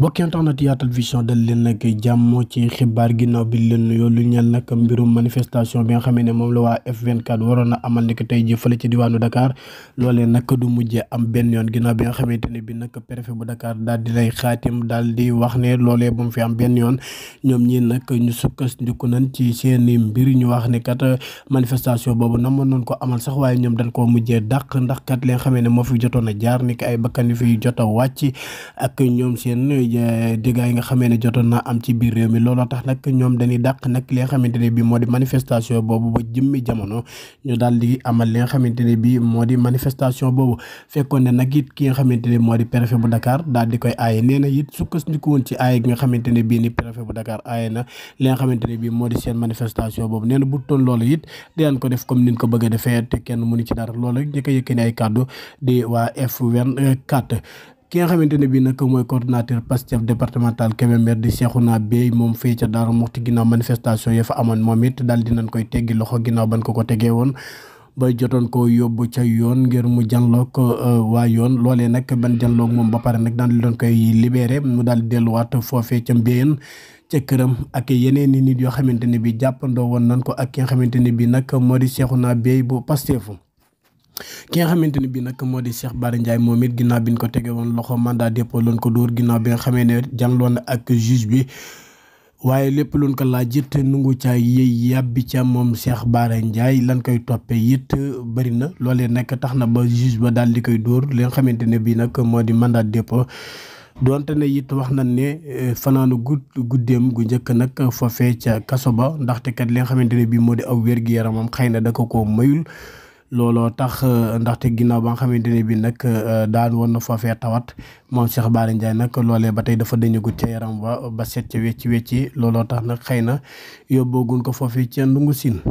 mbokki internet Yaatal Vision dal leen nag jàmm ci xibaar ginnaaw bi leen nuyoo lu ñeel nag mbirum manifestation bi nga xamee ne moom la waa f waroon a amal ni ko tey ji fële ci diwaanu nag du mujjee am benn yoon ginnaaw bi nga xamante ne bi nag préfet bu Dakar daal di lay xaatim daal di wax ne loolee bu mu fi am benn yoon ñoom ñi nag ñu sukkandiku nañ ci seeni mbir ñu wax ne kat manifestation boobu namoon nañ ko amal sax waaye ñoom dañ koo mujjee dàq ndax kat li nga xamee ne moo fi jotoon a jaar ni ko ay bakkan yu fi jot wàcc ak ñoom seen dégâts yi nga xamee ne jotoon naa am ci biir réew mi looloo tax nag ñoom dañuy dàq nag li nga xamante ne bi moo di manifestation boobu ba jëmmi jamono ñu daal di amal li nga xamante ne bi moo di manifestation boobu fekkoon ne nag it ki nga xamante ne moo di préfet bu Dakar daal di koy aaye nee na it sukkandiku woon ci aaye gi nga ne bii ni préfet bu Dakar aaye na li nga ne bii moo di seen manifestation boobu nee na bu toon loolu it dinañ ko def ko bëgg a defee te kenn mënu ci dara loolu njëkk a yëkkati ay kàddu di waa F24 ki nga xamante ne bii nag mooy coordonnateur Pastef départemental Kébémer di naa Bèye moom fee ca Darou Mouhty ginnaaw manifestation ya fa amoon moom it daal dinañ koy teggi loxo ginnaaw ban ko ko tegee woon ba jotoon ko yóbbu ca yoon ngir mu janloog euh, waa yoon loolee nag ban janloog moom ba pare nag daan doon koy libeere mu daal delluwaat foofee ca Mbéyeen ca këram ak yeneen i nit yoo xamante ne bii jàppandoo woon nan ko ak ki nga xamante ne bii nag moo di Cheikhouna Bèye bu Pastef ki nga xamante ni bii nag moo di Cheikh Bara Ndiaye moom it ginnaaw bi ñu ko tegee woon loxo mandat dépôt loon ko dóor ginnaaw bi nga xamee ne jàngloon ak juge bi waaye lépp luñ ko laaj it nungu caa yëy yàbbi ca moom Cheikh Bara Ndiaye lan koy toppee it bëri na loolee nag tax na ba juge ba daal di koy dóor li nga xamante ne bii nag moo di mandat dépôt donte ne it wax na ne eh, fanaanu gudd guddeem gu njëkk nag foofee ca kaso ba ndaxte kat li nga xamante ne bii moo di aw wér-gi-yaramam xëy na da ko koo mayul looloo tax euh, ndaxte ginnaaw ba nga xamante ne bii nag euh, daan woon na foofee tawat moom Cheikh baari Ndiaye nag loolee ba tey dafa dañagut ca yaram ba ba set ca wecci wecci looloo tax nag xëy na yóbboogun ko foofee ca ndungu siin